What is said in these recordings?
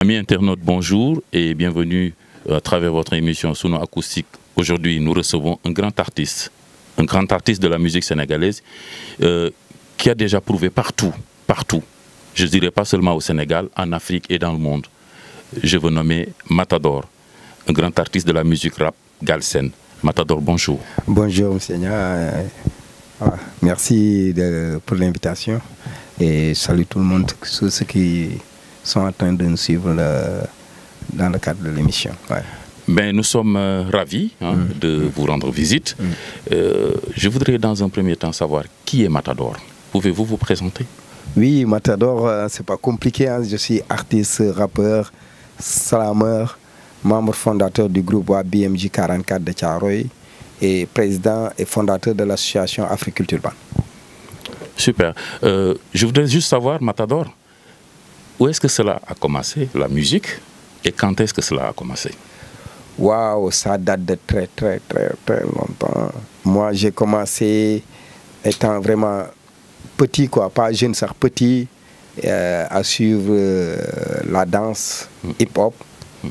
Amis internautes, bonjour et bienvenue à travers votre émission Sono Acoustique. Aujourd'hui, nous recevons un grand artiste, un grand artiste de la musique sénégalaise euh, qui a déjà prouvé partout, partout, je dirais pas seulement au Sénégal, en Afrique et dans le monde. Je veux nommer Matador, un grand artiste de la musique rap galsen. Matador, bonjour. Bonjour, monsieur euh, ah, Merci pour l'invitation et salut tout le monde, tous ceux qui sont en train de nous suivre euh, dans le cadre de l'émission. Ben, nous sommes euh, ravis hein, mm. de vous rendre visite. Mm. je voudrais dans un premier temps savoir qui est Matador. Pouvez-vous vous présenter Oui, Matador, c'est pas compliqué. Hein. Je suis artiste, rappeur, salameur membre fondateur du groupe BMJ 44 de Tcharoy et président et fondateur de l'association Afri-Culture Ban. Super. Euh, je voudrais juste savoir, Matador, où est-ce que cela a commencé, la musique, et quand est-ce que cela a commencé Waouh, ça date de très, très, très, très longtemps. Moi, j'ai commencé étant vraiment petit, quoi, pas jeune, ça petit, euh, à suivre euh, la danse hmm. hip-hop.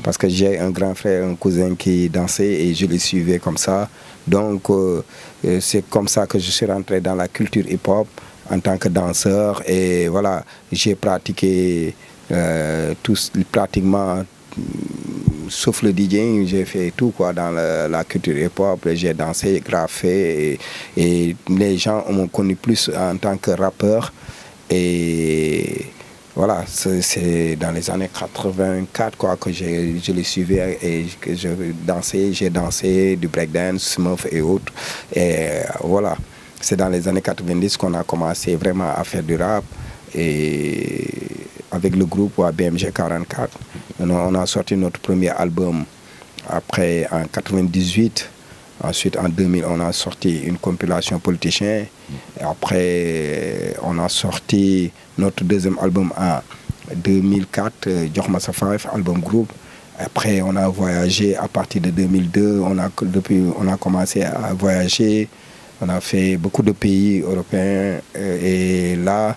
Parce que j'ai un grand frère, un cousin qui dansait et je les suivais comme ça. Donc euh, euh, c'est comme ça que je suis rentré dans la culture hip-hop en tant que danseur. Et voilà, j'ai pratiqué euh, pratiquement sauf le DJ, j'ai fait tout quoi dans la, culture hip-hop. J'ai dansé, graffé et, et les gens m'ont connu plus en tant que rappeur. Et voilà, c'est dans les années 84 quoi, que je, je les suivais et que je dansais, j'ai dansé du breakdance, smurf et autres. Et euh, voilà, c'est dans les années 90 qu'on a commencé vraiment à faire du rap et avec le groupe BMG 44. On on a sorti notre premier album après en 98 Ensuite, en 2000, on a sorti une compilation politicien. Et mm. après, on a sorti notre deuxième album en 2004, Djokma Safarif, album groupe. Après, on a voyagé à partir de 2002. On a, depuis, on a commencé à voyager. On a fait beaucoup de pays européens euh, et là,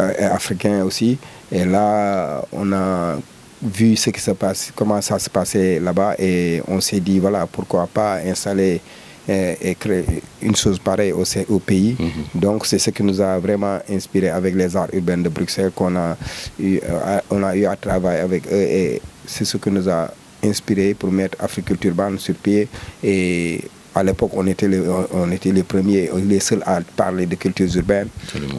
euh, et africains aussi. Et là, on a vu ce qui se passe, comment ça se passait là-bas et on s'est dit voilà pourquoi pas installer euh, et, créer une chose pareille au, pays. Mhm. Donc c'est ce qui nous a vraiment inspiré avec les arts urbains de Bruxelles qu'on a eu, euh, a eu travailler avec eux et c'est ce qui nous a inspiré pour mettre Africa Urbaine sur pied et à l'époque, on, était les, on était les premiers, les seuls à parler de cultures urbaines.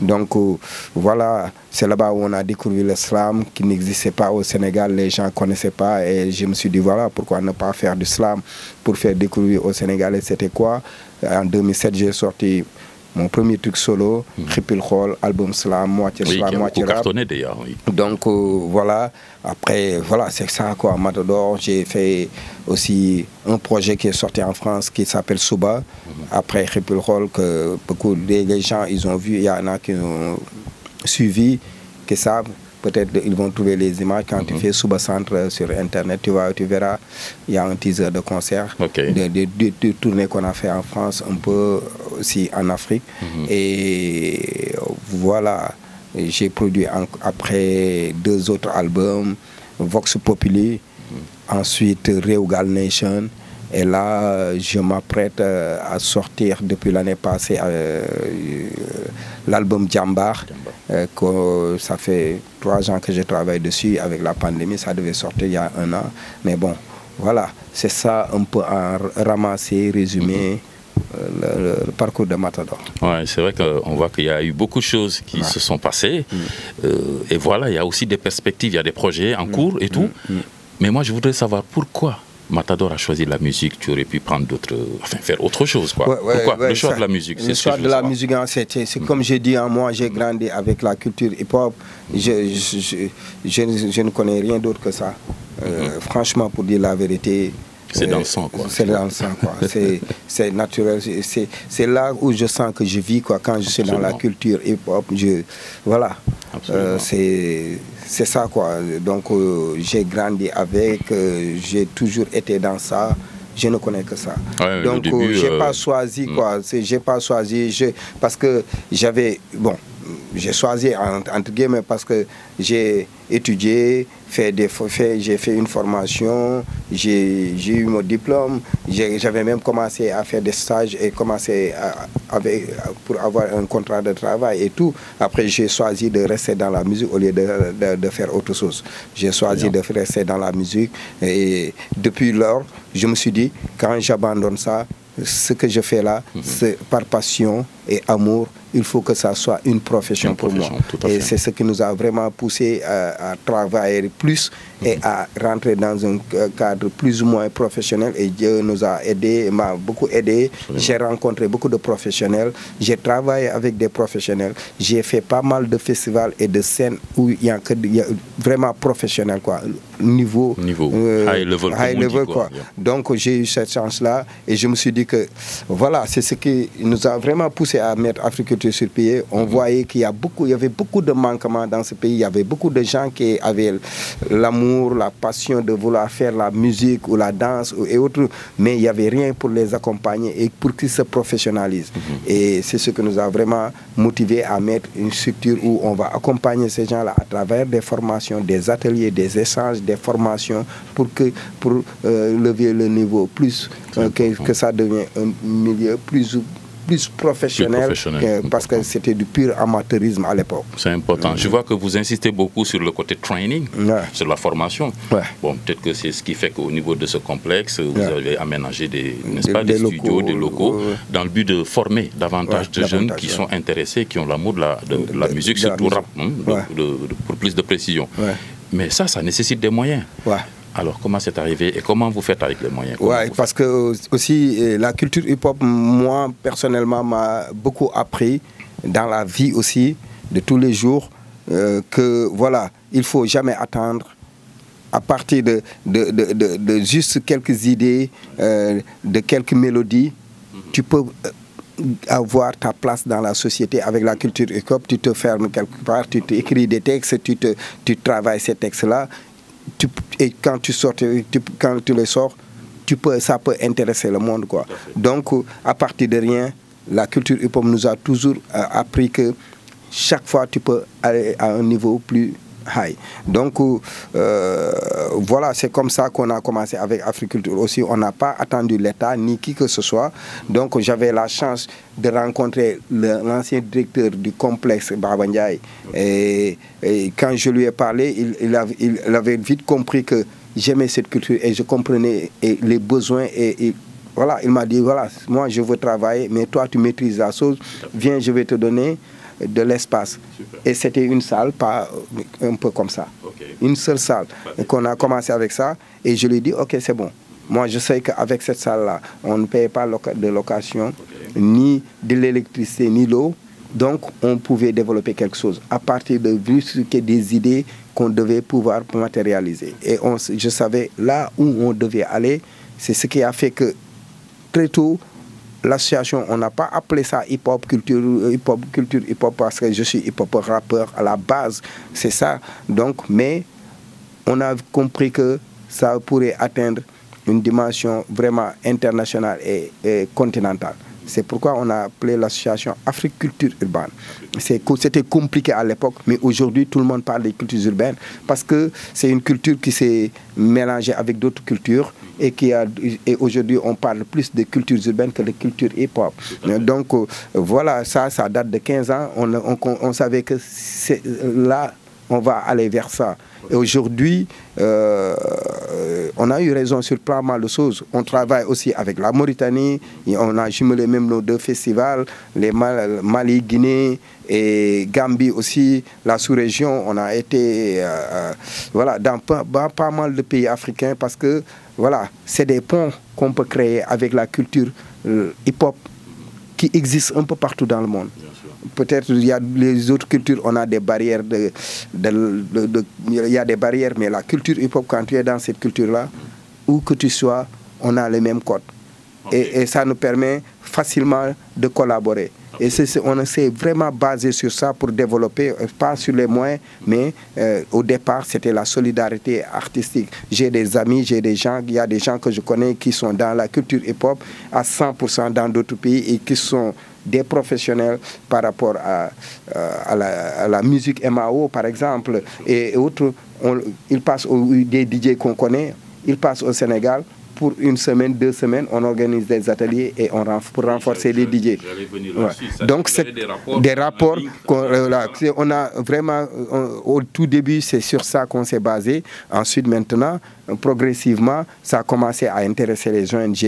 Donc euh, voilà, c'est là-bas où on a découvert le slam qui n'existait pas au Sénégal, les gens ne connaissaient pas. Et je me suis dit, voilà, pourquoi ne pas faire du slam pour faire découvrir Sénégal et c'était quoi. En 2007, j'ai sorti mon premier truc solo, hmm. Triple Roll, album slam, moitié moitié slam, moitié rap. Donc euh, voilà, après, voilà, c'est ça quoi, Matador. J'ai fait aussi un projet qui est sorti en France qui s'appelle Soba. Hmm. Après Triple Roll, que beaucoup des gens ils ont vu, il y en a qui ont suivi, qui savent peut-être ils vont trouver les images quand tu mhm. fais Suba Centre sur internet tu tu verras il y a un teaser de concert de, tournée qu'on a fait en France un peu aussi en Afrique mhm. et voilà j'ai produit après deux autres albums Vox Populi mhm. ensuite Reugal Nation et là, je m'apprête euh, à sortir depuis l'année passée euh, l'album Djambar. Euh, ça fait trois ans que je travaille dessus. Avec la pandémie, ça devait sortir il y a un an. Mais bon, voilà, c'est ça un peu à ramasser, résumer. Mm-hmm. Le, parcours de Matador. Ouais, c'est vrai qu'on voit qu'il y a eu beaucoup de choses qui se sont passées. Mm. et voilà, il y a aussi des perspectives, il y a des projets en mm. cours et mm. tout. Mais moi, je voudrais savoir pourquoi Matador a choisi la musique, tu aurais pu prendre d'autres, enfin faire autre chose quoi. Pourquoi le choix de la musique c'est Le choix de la musique, c'est hmm. comme j'ai dit, hein, moi j'ai grandi avec la culture hip-hop, je, ne connais rien d'autre que ça. Euh, hmm. Franchement, pour dire la vérité. C'est dans le euh, sang, quoi. C'est dans le sang, quoi. c'est naturel. C'est là où je sens que je vis, quoi. Quand je suis dans la culture hip-hop, je... Voilà. Euh, c'est c'est ça quoi. Donc euh, j'ai grandi avec, euh, j'ai toujours été dans ça. Je ne connais que ça. Donc euh, j'ai pas choisi hmm. quoi. J'ai pas choisi. Je, parce que j'avais bon. J'ai choisi entre guillemets parce que j'ai étudié, fait des, j'ai fait une formation, j'ai eu mon diplôme, j'avais même commencé à faire des stages et commencé pour avoir un contrat de travail et tout. Après, j'ai choisi de rester dans la musique au lieu de, faire autre chose. J'ai choisi de rester dans la musique et depuis lors, je me suis dit, quand j'abandonne ça, ce que je fais là, mhm. c'est par passion et amour il faut que ça soit une profession, pour moi. Et c'est ce qui nous a vraiment poussé à, travailler plus et mhm. à rentrer dans un euh, cadre plus ou moins professionnel. Et Dieu nous a aidé, m'a beaucoup aidé. J'ai rencontré beaucoup de professionnels. J'ai travaillé avec des professionnels. J'ai fait pas mal de festivals et de scènes où il y a, que, vraiment professionnel quoi niveau, niveau. Euh, high level, quoi. donc j'ai eu cette chance là et je me suis dit que voilà c'est ce qui nous a vraiment poussé à mettre Afrique sur sur on mhm. voyait qu'il y, a beaucoup, avait beaucoup de manquements dans ce pays. Il y avait beaucoup de gens qui avaient l'amour, la passion de vouloir faire la musique ou la danse et autres, mais il n'y avait rien pour les accompagner et pour qu'ils se professionnalisent. Mhm. Et c'est ce que nous a vraiment motivé à mettre une structure où on va accompagner ces gens-là à travers des formations, des ateliers, des échanges, des formations pour, que, pour euh, lever le niveau plus, euh, que, ça devienne un milieu plus plus professionnel, parce que c'était du pur amateurisme à l'époque. C'est important. Je vois que vous insistez beaucoup sur le côté training, sur la formation. Bon, peut-être que c'est ce qui fait qu'au niveau de ce complexe, vous avez aménagé des, pas, des, studios, des locaux, dans le but de former davantage de jeunes qui sont intéressés, qui ont l'amour de la, de, musique, surtout rap, pour plus de précision. Mais ça, ça nécessite des moyens. Alors, comment c'est arrivé et comment vous faites avec les moyens Oui, parce que euh, aussi, euh, la culture hip-hop, moi, personnellement, m'a beaucoup appris dans la vie aussi, de tous les jours, euh, que voilà, il faut jamais attendre à partir de, juste quelques idées, de quelques mélodies, mhm. tu peux avoir ta place dans la société avec la culture hip-hop, tu te fermes quelque part, tu écris des textes, tu, te, tu travailles ces textes-là et quand tu sors, quand tu le sors, tu peux, ça peut intéresser le monde. Quoi. Donc, à partir de rien, la culture hip-hop nous a toujours euh, appris que chaque fois, tu peux aller à un niveau plus donc euh, voilà, c'est comme ça qu'on a commencé avec Africulture aussi. On n'a pas attendu l'État ni qui que ce soit. Donc j'avais la chance de rencontrer l'ancien directeur du complexe Baba Et, et, quand je lui ai parlé, il, il, avait, vite compris que j'aimais cette culture et je comprenais les besoins et, et voilà, il m'a dit, voilà, moi je veux travailler, mais toi tu maîtrises la chose, viens, je vais te donner de l'espace. Et c'était une salle, pas euh, un peu comme ça. Une seule salle. et Qu'on a commencé avec ça. Et je lui dis OK, c'est bon. Moi, je sais qu'avec cette salle-là, on ne paye pas de location, ni de l'électricité, ni l'eau. Donc, on pouvait développer quelque chose à partir de ce des idées qu'on devait pouvoir matérialiser. Et on, je savais là où on devait aller. C'est ce qui a fait que très tôt, l'association, on n'a pas appelé ça hip-hop culture, euh, hip-hop culture, hip-hop parce que je suis hip-hop rappeur à la base, c'est ça. Donc, mais on a compris que ça pourrait atteindre une dimension vraiment internationale et, et continentale. C'est pourquoi on a appelé l'association Afrique Culture Urbaine. C'était compliqué à l'époque, mais aujourd'hui tout le monde parle des cultures urbaines parce que c'est une culture qui s'est mélangée avec d'autres cultures et qui a et aujourd'hui on parle plus de cultures urbaines que de cultures hip-hop. Euh, donc euh, voilà, ça, ça date de 15 ans. On, savait que euh, là, on va aller vers ça. Et aujourd'hui, on a eu raison sur pas mal de choses. On travaille aussi avec la Mauritanie, et on a jumelé même nos deux festivals, les Mali, Guinée et Gambie aussi, la sous-région. On a été voilà, dans pas, pas, mal de pays africains parce que voilà, c'est des ponts qu'on peut créer avec la culture euh, hip-hop qui existe un peu partout dans le monde. Peut-être il y a les autres cultures, on a des barrières, il a des barrières, mais la culture hip-hop, quand tu es dans cette culture-là, où que tu sois, on a les mêmes codes. et ça nous permet facilement de collaborer. Et on s'est vraiment basé sur ça pour développer, euh, pas sur les moyens, mais euh, au départ, c'était la solidarité artistique. J'ai des amis, j'ai des gens, il y a des gens que je connais qui sont dans la culture hip-hop à 100% dans d'autres pays et qui sont des professionnels par rapport à, euh, la, musique MAO, par exemple, et, autres. ils passent aux, des DJ qu'on connaît, ils passent au Sénégal, pour une semaine, deux semaines, on organise des ateliers et on pour renforcer les DJ. Donc c'est des rapports, euh, on a vraiment euh, au tout début c'est sur ça qu'on s'est basé. Ensuite maintenant progressivement ça a commencé à intéresser les ONG,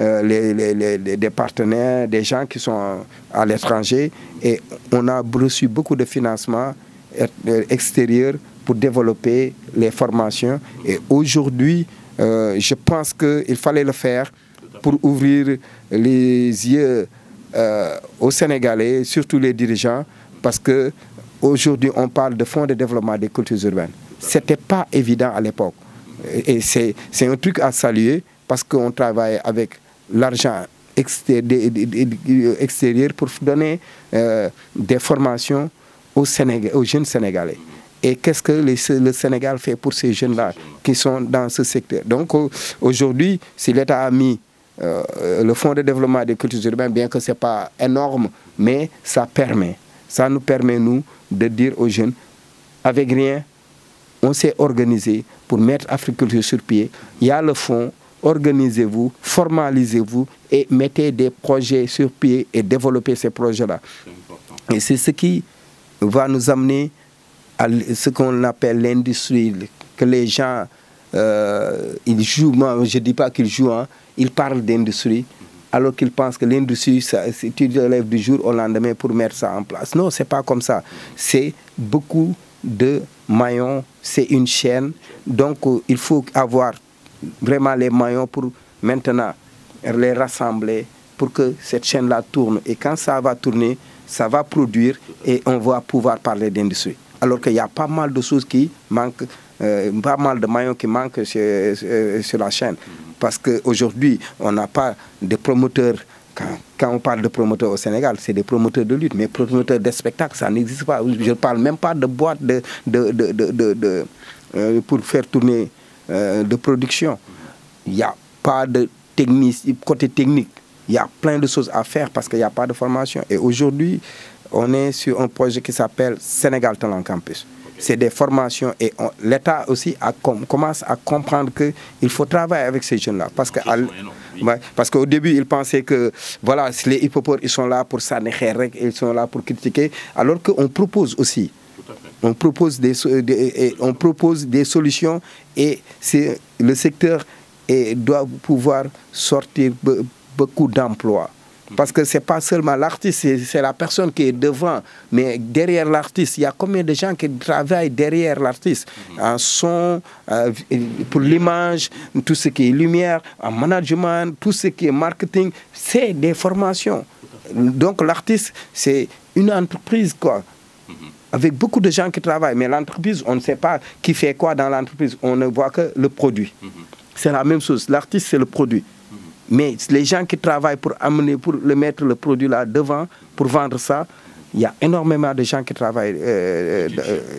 euh, les, les, les, partenaires, des gens qui sont à l'étranger et on a reçu beaucoup de financements extérieurs pour développer les formations et aujourd'hui euh, je pense qu'il fallait le faire pour ouvrir les yeux euh, aux Sénégalais, surtout les dirigeants, parce qu'aujourd'hui on parle de fonds de développement des cultures urbaines. Ce n'était pas évident à l'époque. Et c'est un truc à saluer parce qu'on travaille avec l'argent extérieur pour donner euh, des formations aux jeunes Sénégalais et qu'est-ce que le Sénégal fait pour ces jeunes-là qui sont dans ce secteur. Donc euh, aujourd'hui, si l'État a mis euh, le Fonds de développement des cultures urbaines, bien que ce n'est pas énorme, mais ça permet. Ça nous permet, nous, de dire aux jeunes, avec rien, on s'est organisé pour mettre Africulture sur pied. Il y a le fonds, organisez-vous, formalisez-vous et mettez des projets sur pied et développez ces projets-là. Et c'est ce qui va nous amener ce qu'on appelle l'industrie, que les gens, euh, ils jouent, moi je ne dis pas qu'ils jouent, hein, ils parlent d'industrie, alors qu'ils pensent que l'industrie, c'est une lèves du jour au lendemain pour mettre ça en place. Non, c'est pas comme ça. C'est beaucoup de maillons, c'est une chaîne. Donc euh, il faut avoir vraiment les maillons pour maintenant les rassembler pour que cette chaîne-là tourne. Et quand ça va tourner, ça va produire et on va pouvoir parler d'industrie alors qu'il y a pas mal de choses qui manquent, euh, pas mal de maillons qui manquent sur euh, la chaîne. Parce qu'aujourd'hui, on n'a pas de promoteurs. Quand, on parle de promoteurs au Sénégal, c'est des promoteurs de lutte, mais promoteurs de spectacles ça n'existe pas. Je ne parle même pas de boîte de, euh, pour faire tourner de production. Il n'y a pas de techniques côté technique. Il y a plein de choses à faire parce qu'il n'y a pas de formation. Et aujourd'hui, on est sur un projet qui s'appelle Sénégal Talent Campus. C'est des formations et l'État aussi commence à comprendre qu'il faut travailler avec ces jeunes-là. Parce qu'au début, ils pensaient que voilà, les hippopores, ils sont là pour s'anérer, ils sont là pour critiquer, alors qu'on propose aussi. On propose des, on propose des solutions et le secteur doit pouvoir sortir beaucoup d'emplois. Parce que c'est pas seulement l'artiste, c'est la personne qui est devant. Mais derrière l'artiste, il y a combien de gens qui travaillent derrière l'artiste mm-hmm. En son, euh, pour l'image, tout ce qui est lumière, en management, tout ce qui est marketing. C'est des formations. Donc l'artiste, c'est une entreprise, quoi mm-hmm. avec beaucoup de gens qui travaillent. Mais l'entreprise, on ne sait pas qui fait quoi dans l'entreprise. On ne voit que le produit. Mm-hmm. C'est la même chose. L'artiste, c'est le produit. Mais les gens qui travaillent pour amener, pour le mettre le produit là devant, pour vendre ça, il y a énormément de gens qui travaillent euh, euh,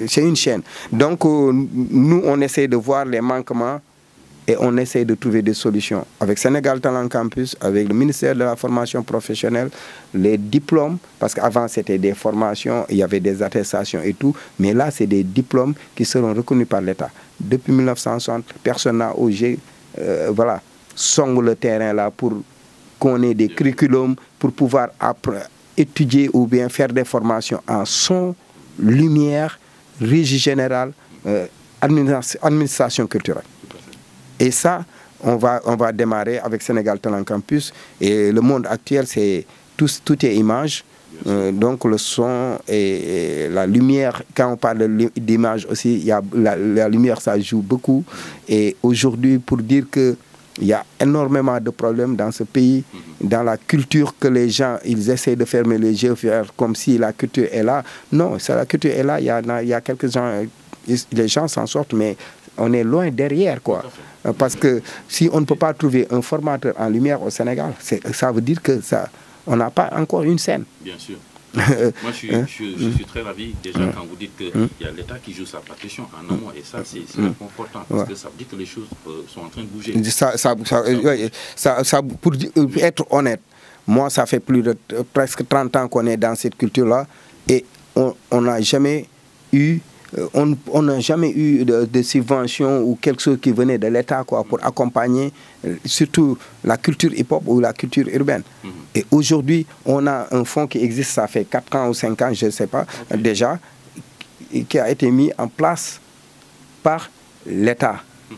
euh chez une chaîne. Donc, euh, nous, on essaie de voir les manquements et on essaie de trouver des solutions. Avec Sénégal Talent Campus, avec le ministère de la formation professionnelle, les diplômes, parce qu'avant c'était des formations, il y avait des attestations et tout, mais là c'est des diplômes qui seront reconnus par l'État. Depuis 1960, personne n'a OG, voilà, sont le terrain là pour qu'on ait des curriculums pour pouvoir étudier ou bien faire des formations en son, lumière, régie générale, euh, administration, culturelle. Et ça, on va, on va démarrer avec Sénégal Talent Campus. Et le monde actuel, c'est tout, tout est image. Euh, donc le son et, la lumière, quand on parle d'image aussi, y a, la, lumière ça joue beaucoup. Et aujourd'hui, pour dire que il y a énormément de problèmes dans ce pays, mhm. dans la culture que les gens, ils essaient de fermer les yeux, comme si la culture est là. Non, si la culture est là, il y a, quelques gens, les gens s'en sortent, mais on est loin derrière, quoi. Euh, parce que si on ne peut pas trouver un formateur en lumière au Sénégal, ça veut dire que ça, on n'a pas encore une scène. Bien sûr. Moi, hein? je suis, très ravi déjà quand vous dites qu'il hein? y a l'État qui joue sa partition en amont, et ça, c'est important hein? parce que ça dit que les choses euh, sont en train de bouger. Ça, pour être honnête, moi, ça fait plus de euh, presque 30 ans qu'on est dans cette culture-là, et on n'a jamais eu euh, on n'a jamais eu de, subventions subvention ou quelque chose qui venait de l'État pour mm-hmm. accompagner euh, surtout la culture hip-hop ou la culture urbaine. Mm-hmm. Et aujourd'hui, on a un fonds qui existe, ça fait 4 ans ou 5 ans, je ne sais pas euh, déjà, qui a été mis en place par l'État. Mm-hmm.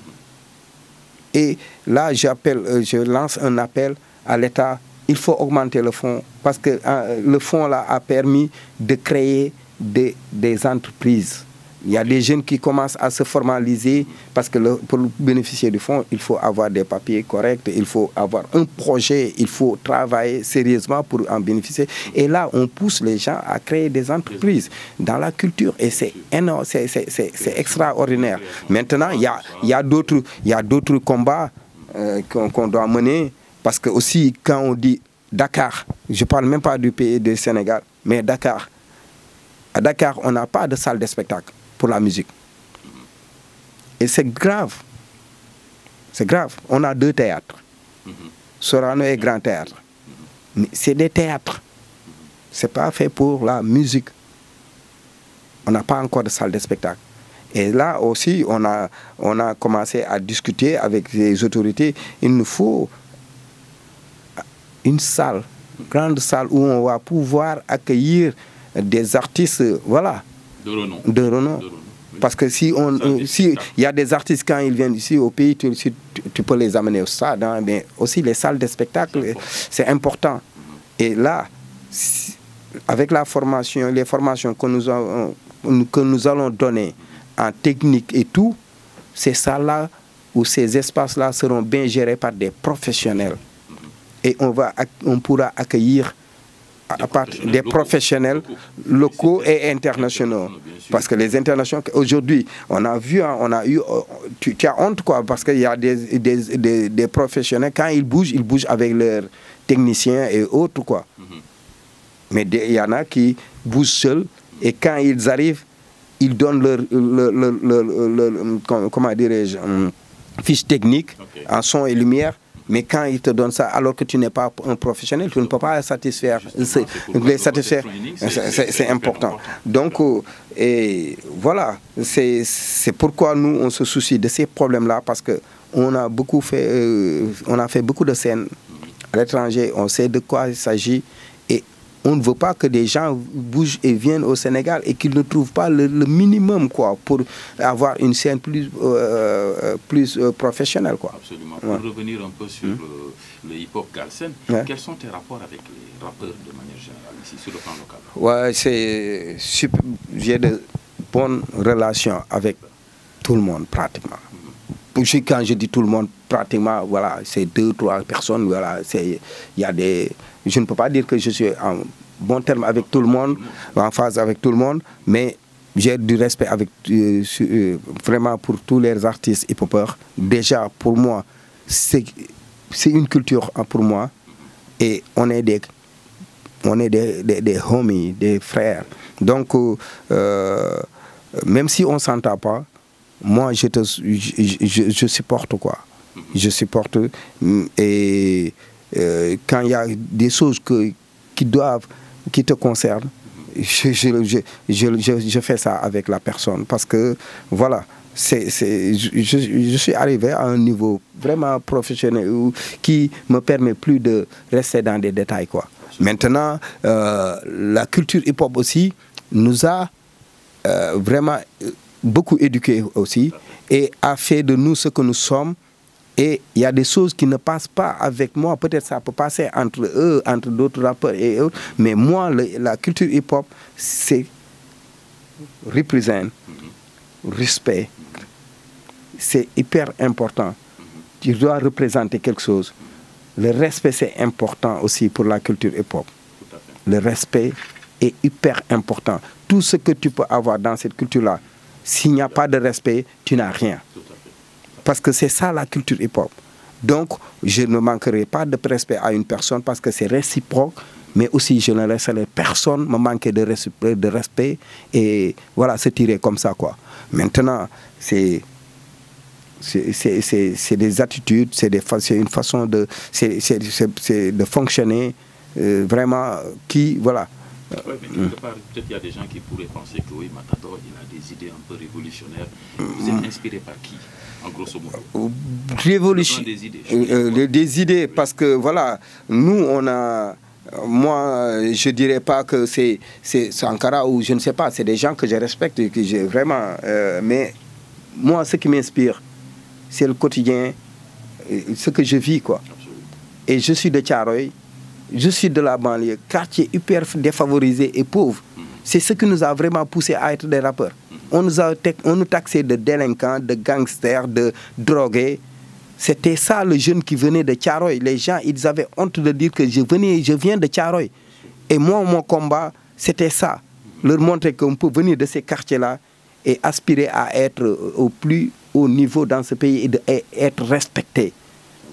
Et là, j'appelle, je lance un appel à l'État. Il faut augmenter le fonds parce que le fonds là a permis de créer des entreprises il y a des jeunes qui commencent à se formaliser parce que pour bénéficier du fonds, il faut avoir des papiers corrects, il faut avoir un projet, il faut travailler sérieusement pour en bénéficier. Et là, on pousse les gens à créer des entreprises dans la culture et c'est extraordinaire. Maintenant, il y a, d'autres combats euh, qu'on doit mener parce que aussi quand on dit Dakar, je ne parle même pas du pays du Sénégal, mais Dakar, à Dakar, on n'a pas de salle de spectacle pour la musique. Et c'est grave. C'est grave. On a deux théâtres. Sorano et Grand Théâtre. c'est des théâtres. C'est pas fait pour la musique. On n'a pas encore de salle de spectacle. Et là aussi, on a, on a commencé à discuter avec les autorités. Il nous faut une salle, grande salle où on va pouvoir accueillir des artistes. Voilà. De renom. Parce que si on, y a des artistes quand ils viennent ici au pays, tu, peux les amener au stade, hein, mais aussi les salles de spectacle, c'est important. Et là, avec la formation, les formations que nous, que nous allons donner en technique et tout, ces salles-là ou ces espaces-là seront bien gérés par des professionnels. Et on, va, on pourra accueillir à part des professionnels locaux et internationaux. Parce que les internationaux, aujourd'hui, on a vu, hein, on a eu, euh, tu, as honte quoi, parce qu'il y a des, des, des, professionnels, quand ils bougent, ils bougent avec leurs techniciens et autres quoi. Mais il y en a qui bougent seuls et quand ils arrivent, ils donnent leur, comment dirais-je, hum, fiche technique en son et lumière mais quand ils te donnent ça, alors que tu n'es pas un professionnel, tu ne peux pas satisfaire. Les satisfaire, c'est important. Donc, euh, et voilà, c'est pourquoi nous, on se soucie de ces problèmes-là, parce que on a beaucoup fait, euh, on a fait beaucoup de scènes à l'étranger, on sait de quoi il s'agit on ne veut pas que des gens bougent et viennent au Sénégal et qu'ils ne trouvent pas le, minimum quoi, pour avoir une scène plus, euh, euh, plus euh, professionnelle. Quoi. Absolument. Pour revenir un peu sur hum. le, hip-hop Carlsen, quels sont tes rapports avec les rappeurs de manière générale ici sur le plan local ouais, c'est, J'ai de bonnes relations avec tout le monde pratiquement. Hum. Quand je dis tout le monde, pratiquement, voilà, c'est deux, trois personnes, voilà, il y a des je ne peux pas dire que je suis en bon terme avec tout le monde, en phase avec tout le monde, mais j'ai du respect avec euh, euh, vraiment pour tous les artistes hip hoppeurs Déjà, pour moi, c'est une culture hein, pour moi. Et on est des, on est des, homies, des frères. Donc, euh, même si on ne s'entend pas, moi, je, te, je supporte quoi. Je supporte et euh, quand il y a des choses que, qui doivent, qui te concernent, je, je, je, je fais ça avec la personne parce que voilà. C'est, je, suis arrivé à un niveau vraiment professionnel qui me permet plus de rester dans des détails. Quoi. Maintenant, euh, la culture hip-hop aussi nous a euh, vraiment beaucoup éduqués aussi et a fait de nous ce que nous sommes et il y a des choses qui ne passent pas avec moi. Peut-être ça peut passer entre eux, entre d'autres rappeurs et autres. Mais moi, la culture hip-hop, c'est représente, respect. C'est hyper important. Tu dois représenter quelque chose. Le respect, c'est important aussi pour la culture hip-hop. Le respect est hyper important. Tout ce que tu peux avoir dans cette culture-là, s'il n'y a pas de respect, tu n'as rien. Parce que c'est ça la culture hip-hop. Donc, je ne manquerai pas de respect à une personne parce que c'est réciproque, mais aussi je ne laisserai personne me manquer de respect, et voilà, se tirer comme ça. quoi. Maintenant, c'est c'est des attitudes, c'est une façon de, de fonctionner euh, vraiment qui, voilà, oui, mais hum. quelque part, peut-être qu'il y a des gens qui pourraient penser que oui, Matador, il a des idées un peu révolutionnaires. Vous êtes hum. inspiré par qui, en grosso modo euh, Révolution. Des idées. Euh, euh, des idées, parce que voilà, nous, on a moi, je ne dirais pas que c'est Sankara ou je ne sais pas, c'est des gens que je respecte, que j'ai vraiment. mais moi, ce qui m'inspire, c'est le quotidien, ce que je vis, quoi. Et je suis de Tcharoy, je suis de la banlieue, quartier hyper défavorisé et pauvre. C'est ce qui nous a vraiment poussé à être des rappeurs. On nous a on nous taxait de délinquants, de gangsters, de drogués. C'était ça le jeune qui venait de Tcharoy. Les gens, ils avaient honte de dire que je venais, je viens de Tcharoy. Et moi, mon combat, c'était ça. Leur montrer qu'on peut venir de ces quartiers-là et aspirer à être au plus haut niveau dans ce pays et être respecté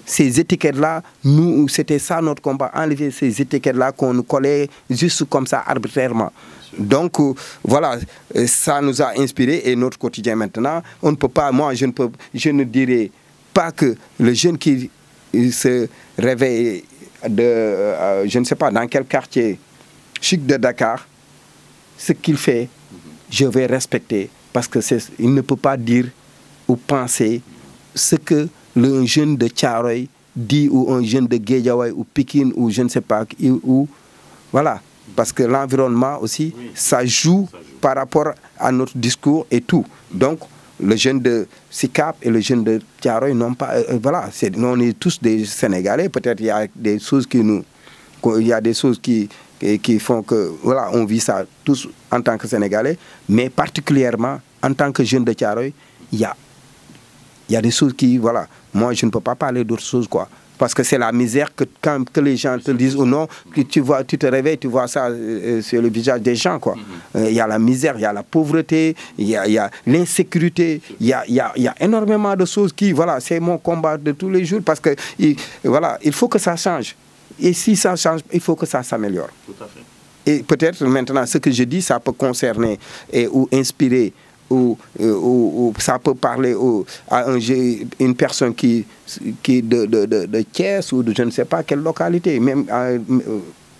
ces étiquettes-là, nous, c'était ça notre combat, enlever ces étiquettes-là qu'on nous collait juste comme ça, arbitrairement. Donc euh, voilà, euh, ça nous a inspiré et notre quotidien maintenant, on ne peut pas, moi je ne, peux, je ne dirais pas que le jeune qui se réveille de, euh, je ne sais pas, dans quel quartier chic de Dakar, ce qu'il fait, je vais respecter parce que il ne peut pas dire ou penser ce que le, jeune de Tcharoy dit ou un jeune de Guéjaway ou Pékin ou je ne sais pas ou Voilà. Parce que l'environnement aussi, ça, joue par rapport à notre discours et tout. Donc, le jeune de Sikap et le jeune de Tiaroy n'ont pas. Euh, voilà, c'est nous, on est tous des Sénégalais. Peut-être il y a des choses qui nous. Il y a des choses qui, qui, font que. Voilà, on vit ça tous en tant que Sénégalais. Mais particulièrement, en tant que jeune de Tiaroy, il y a il y a des choses qui, voilà, moi je ne peux pas parler d'autres choses, quoi. Parce que c'est la misère que quand que les gens te disent ou oh non, que tu, vois, tu te réveilles, tu vois ça euh, euh, sur le visage des gens. quoi. Mm-hmm. Euh, il y a la misère, il y a la pauvreté, il y a, l'insécurité, il y a, y, a, y a énormément de choses qui, voilà, c'est mon combat de tous les jours parce que, voilà, il faut que ça change. Et si ça change, il faut que ça s'améliore. Et peut-être maintenant, ce que je dis, ça peut concerner et, ou inspirer euh, ou, ou, ça peut parler à un, une personne qui, qui de, de, de, Thiès ou de je ne sais pas quelle localité, même euh, euh,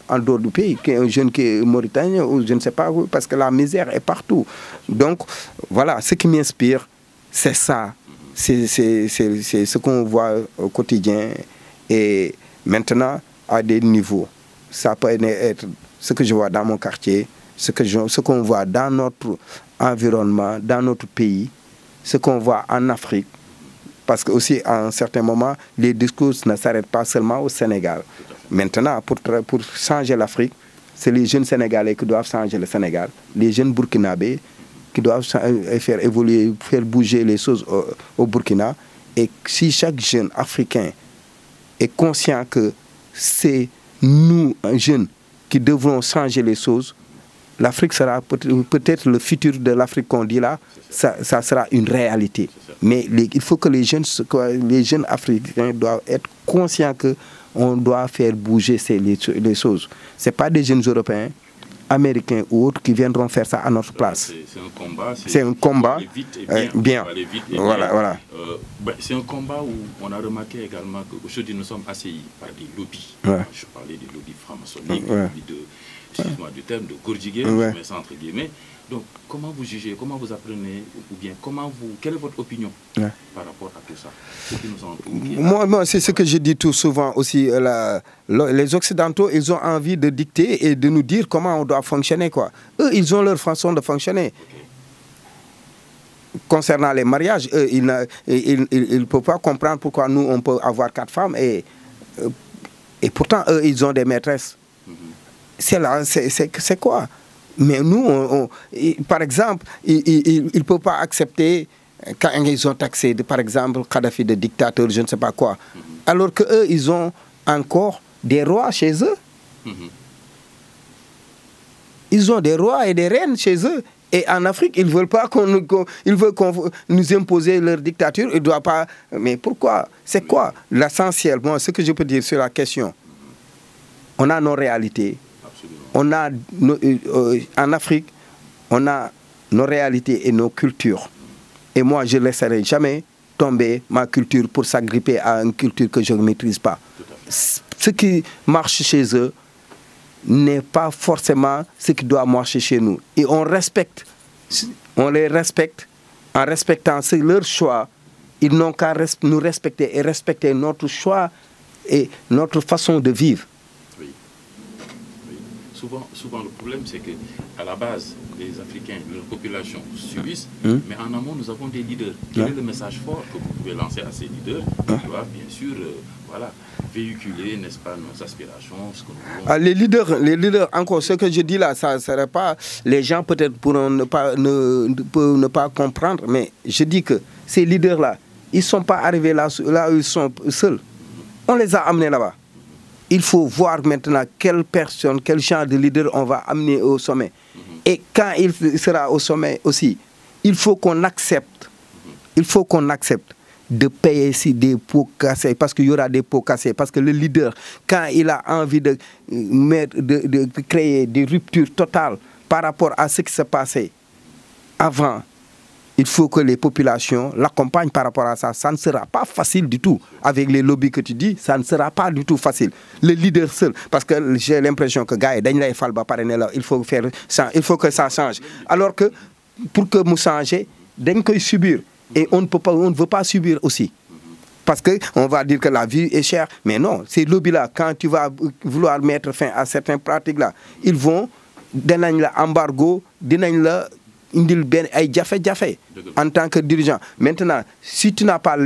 en dehors du pays, qui un jeune qui est mauritanien ou je ne sais pas où, parce que la misère est partout. Donc voilà, ce qui m'inspire, c'est ça. C'est ce qu'on voit au quotidien et maintenant à des niveaux. Ça peut être ce que je vois dans mon quartier, ce ce qu'on voit dans notre environnement, dans notre pays, ce qu'on voit en Afrique, parce que aussi à un certain moment, les discours ne s'arrêtent pas seulement au Sénégal. Maintenant, pour, changer l'Afrique, c'est les jeunes Sénégalais qui doivent changer le Sénégal, les jeunes Burkinabés qui doivent euh, faire évoluer, faire bouger les choses au, Burkina. Et si chaque jeune Africain est conscient que c'est nous, jeunes, qui devrons changer les choses, l'Afrique sera peut-être le futur de l'Afrique qu'on dit là, ça, sera une réalité. Mais il faut que les jeunes, les jeunes Africains doivent être conscients qu'on doit faire bouger ces, les, choses. Ce pas des jeunes Européens, Américains ou autres qui viendront faire ça à notre place. C'est un combat. C'est un combat. bien. voilà, voilà. Euh, ben, c'est un combat où on a remarqué également qu'aujourd'hui nous sommes assaillis par des lobbies. Je parlais des lobbies francs-maçonniques, de moi du terme, de gourdiguer, ouais. entre guillemets. Donc, comment vous jugez, comment vous apprenez, ou bien comment vous, quelle est votre opinion par rapport à tout ça Moi, moi c'est ce que je dis tout souvent aussi. Euh, les Occidentaux, ils ont envie de dicter et de nous dire comment on doit fonctionner. Quoi. Eux, ils ont leur façon de fonctionner. concernant les mariages, eux, ils ne peuvent pas comprendre pourquoi nous, on peut avoir quatre femmes. Et, euh, et pourtant, eux, ils ont des maîtresses. Mm-hmm c'est là, c'est quoi Mais nous, par exemple, ils ne peuvent pas accepter euh, quand ils ont taxé, par exemple, Kadhafi de dictateur, je ne sais pas quoi. Mm-hmm. Alors qu'eux, ils ont encore des rois chez eux. Mm-hmm. Ils ont des rois et des reines chez eux. Et en Afrique, ils ne veulent pas qu'on ils veulent qu'on nous imposer leur dictature. Ils doivent pas. Mais pourquoi C'est quoi mm-hmm. l'essentiel Moi, ce que je peux dire sur la question, on a nos réalités, on a euh, euh, en Afrique, on a nos réalités et nos cultures. Et moi, je ne laisserai jamais tomber ma culture pour s'agripper à une culture que je ne maîtrise pas. Ce qui marche chez eux n'est pas forcément ce qui doit marcher chez nous. Et on respecte, on les respecte en respectant leur choix. Ils n'ont qu'à nous respecter et respecter notre choix et notre façon de vivre souvent, le problème, c'est que à la base, les Africains, leur population subissent, hein? mais en amont, nous avons des leaders. Quel hein? est le message fort que vous pouvez lancer à ces leaders doivent hein? bien sûr euh, voilà, véhiculer, n'est-ce pas, nos aspirations ce que ah, les, leaders, les leaders, encore, ce que je dis là, ça ne serait pas. Les gens peut-être pourront ne pas, ne, pas comprendre, mais je dis que ces leaders-là, ils ne sont pas arrivés là, là où ils sont seuls. On les a amenés là-bas il faut voir maintenant quelle personne, quel genre de leader on va amener au sommet. Mhm. Et quand il sera au sommet aussi, il faut qu'on accepte, il faut qu'on accepte de payer ici des pots cassés, parce qu'il y aura des pots cassés, parce que le leader, quand il a envie de, euh, de créer des ruptures totales par rapport à ce qui s'est passé avant, il faut que les populations l'accompagnent par rapport à ça. Ça ne sera pas facile du tout. Avec les lobbies que tu dis, ça ne sera pas du tout facile. Le leader seul, parce que j'ai l'impression que gars, il faut faire ça, il faut que ça change. Alors que pour que nous changer, que subir et on ne peut pas on ne veut pas subir aussi. Parce qu'on va dire que la vie est chère. Mais non, ces lobbies-là, quand tu vas vouloir mettre fin à certaines pratiques-là, ils vont, d'un embargo, d'un a déjà fait, déjà fait en tant que dirigeant maintenant si tu n'as pas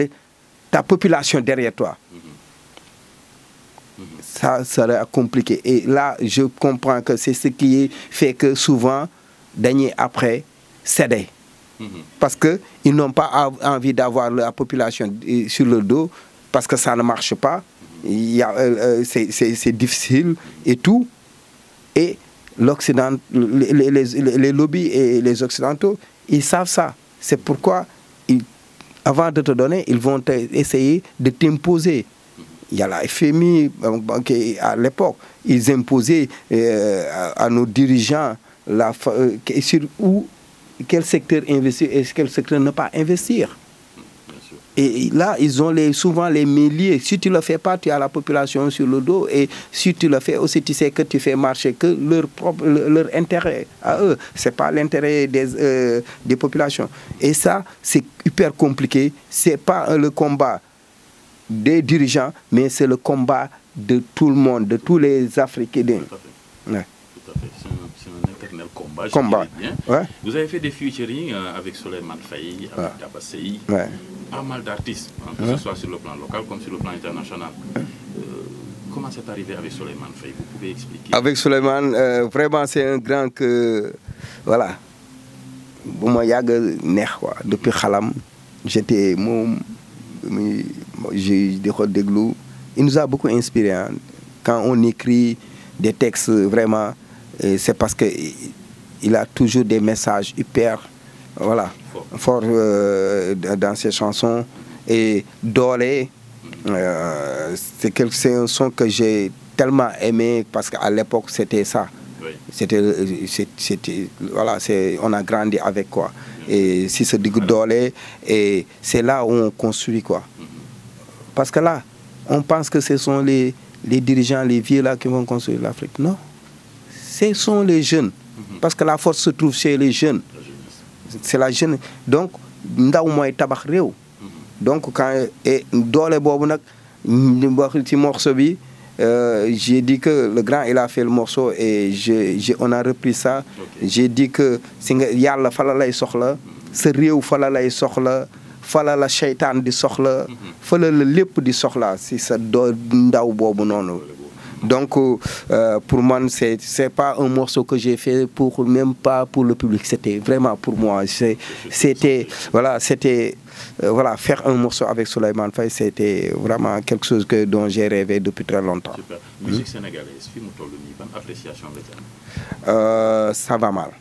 ta population derrière toi mm-hmm. Mm-hmm. ça serait compliqué et là je comprends que c'est ce qui fait que souvent dernier après céder mm-hmm. parce que ils n'ont pas envie d'avoir la population euh, sur le dos parce que ça ne marche pas euh, euh, c'est difficile et tout et l'Occident, les, lobbies et les Occidentaux, ils savent ça. C'est pourquoi, avant de te donner, ils vont essayer de t'imposer. Il y a la FMI euh, à l'époque, ils imposaient euh, à, nos dirigeants la, euh, sur où, quel secteur investir et quel secteur ne pas investir. Et là, ils ont les, souvent les milliers. Si tu ne le fais pas, tu as la population sur le dos. Et si tu le fais aussi, tu sais que tu fais marcher que leur, propre, leur intérêt à eux. Ce n'est pas l'intérêt des, euh, des populations. Et ça, c'est hyper compliqué. Ce n'est pas euh, le combat des dirigeants, mais c'est le combat de tout le monde, de tous les Africains. C'est un, éternel combat. combat. Vous avez fait des featuring euh, avec Soleil Manfaï, avec ouais pas mal d'artistes, hein, que ce soit sur le plan local comme sur le plan international. Euh, comment c'est arrivé avec Soleiman Faye Vous pouvez expliquer Avec Soleiman, euh, vraiment, c'est un grand que. Voilà. Depuis Khalam, j'étais. J'ai des de Il nous a beaucoup inspirés. Hein. Quand on écrit des textes, vraiment, c'est parce qu'il a toujours des messages hyper voilà, fort euh, dans ses chansons. Et Doré, euh, c'est un son que j'ai tellement aimé parce qu'à l'époque, c'était ça. C'était, euh, c'était, voilà, c'est, on a grandi avec quoi. Et si c'est du Doré, et c'est là où on construit quoi. Parce que là, on pense que ce sont les, les dirigeants, les vieux là qui vont construire l'Afrique. Non, ce sont les jeunes. Mhm. Parce que la force se trouve chez les jeunes c'est la jeune donc ndaw moy tabax rew donc quand et doole boobu nag wax ci morceau bi euh, j'ai dit que le grand il a fait le morceau et je on a repris ça. j'ai dit que si nga fa la lay soxla. ce rew fa la lay soxla. fala la seytaan di soxla. Mhm. fala la lepp di soxla si sa ndaw boobu noonu. Donc, euh, euh, pour moi, c'est n'est pas un morceau que j'ai fait pour même pas pour le public. C'était vraiment pour moi. C'était voilà, c'était euh, voilà, faire un morceau avec Souleyman Faye, c'était vraiment quelque chose que, dont j'ai rêvé depuis très longtemps. Musique sénégalaise, film appréciation Ça va mal.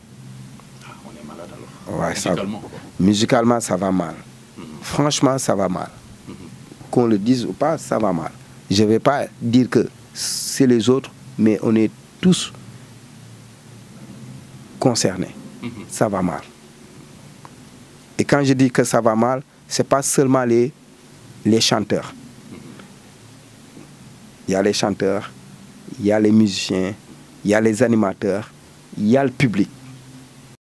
Ah, on est malade alors. musicalement, ça, musicalement, ça va mal. Mhm. Franchement, ça va mal. Mhm. Qu'on le dise ou pas, ça va mal. Je ne vais pas dire que c'est les autres, mais on est tous concernés. Mm-hmm. Ça va mal. Et quand je dis que ça va mal, C'est pas seulement les, les chanteurs. Il y a les chanteurs, il y a les musiciens, il y a les animateurs, il y a le public.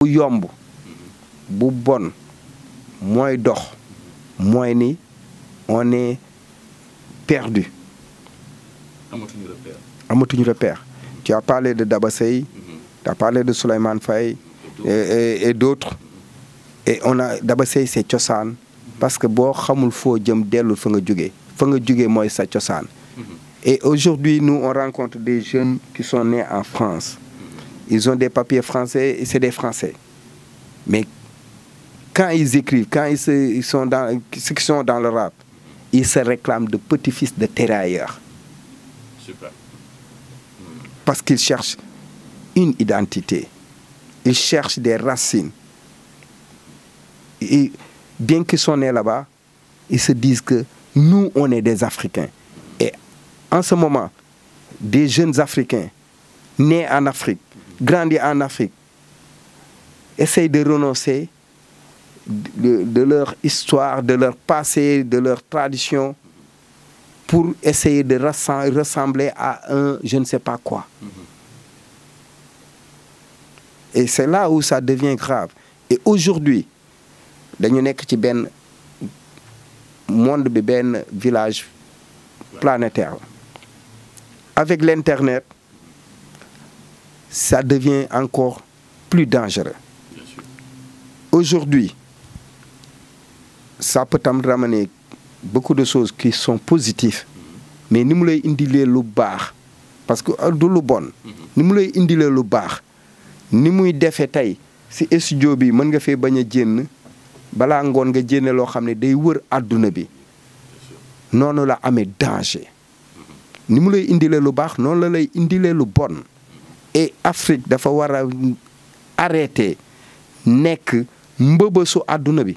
bouyombo yomb moïdor bon on est perdu tu as parlé de Dabasey. Mhm. tu as parlé de Souleymane Faye. et d'autres et on a Dabasey c'est Tchossan mhm. parce que mhm. et aujourd'hui nous on rencontre des jeunes qui sont nés en France. ils ont des papiers français et c'est des Français mais quand ils écrivent quand ils sont dans ceux qui sont dans le rap ils se réclament de petits-fils de terrailleurs. Parce qu'ils cherchent une identité. Ils cherchent des racines. Et bien qu'ils soient nés là-bas, ils se disent que nous, on est des Africains. Et en ce moment, des jeunes Africains nés en Afrique, grandis en Afrique, essayent de renoncer de, de, leur histoire, de leur passé, de leur tradition, pour essayer de ressembler à un je ne sais pas quoi. Mhm. Et c'est là où ça devient grave. Et aujourd'hui, nous sommes ci monde Un village planétaire Avec l'Internet, ça devient encore plus dangereux. Aujourd'hui, ça peut ramener beaucoup de choses qui sont positives mais nous voulons lay le lu parce que euh, du lu bon nous voulons lay le lu nous voulons muy defee tey si studio bi mën nga fee bañ a Bala balaa ngoon nga jénne loo xam day wër bi noonu la amé danger ni mu lay indilee lu bax non la lay indilé lu bon et Afrique dafa wara arrêter nekk mbëbësu àdduna bi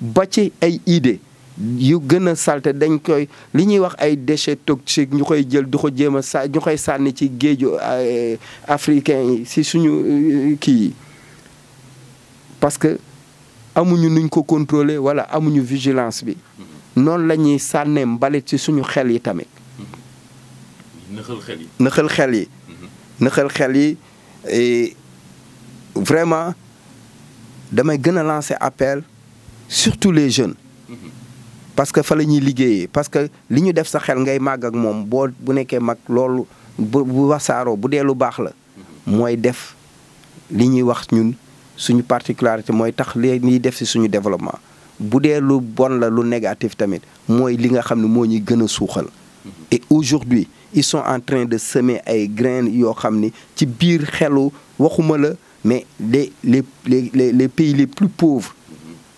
ba ay idée yu gëna a dañ koy li wax ay déchets toxiques ñukoy jël du ko sa ñukoy sanni ci euh, africain suñu euh, parce que amuñu nuñ ko contrôler wala amuñu vigilance bi mm-hmm. non lañuy des mbalé ci suñu xel yi tamit. Mm-hmm. xel yi xel yi. Mm-hmm. xel yi et vraiment damay gëna lancer appel surtout les jeunes parce que fa la liguer parce que li ñu def sa xel ngay màgg ak moom boo bu nekkee mag loolu bu bu wasaaroo bu dee lu baax la mooy def li ñuy wax ñun suñu particularité moi tax li ni def si suñu développement bu dee le bon la lu négatif tamit mooy li nga xam ne moo ñuy gën et aujourd'hui ils sont en train de semer ay graines yoo xam ni ci biir xelu waxuma la mais les les les les pays les plus pauvres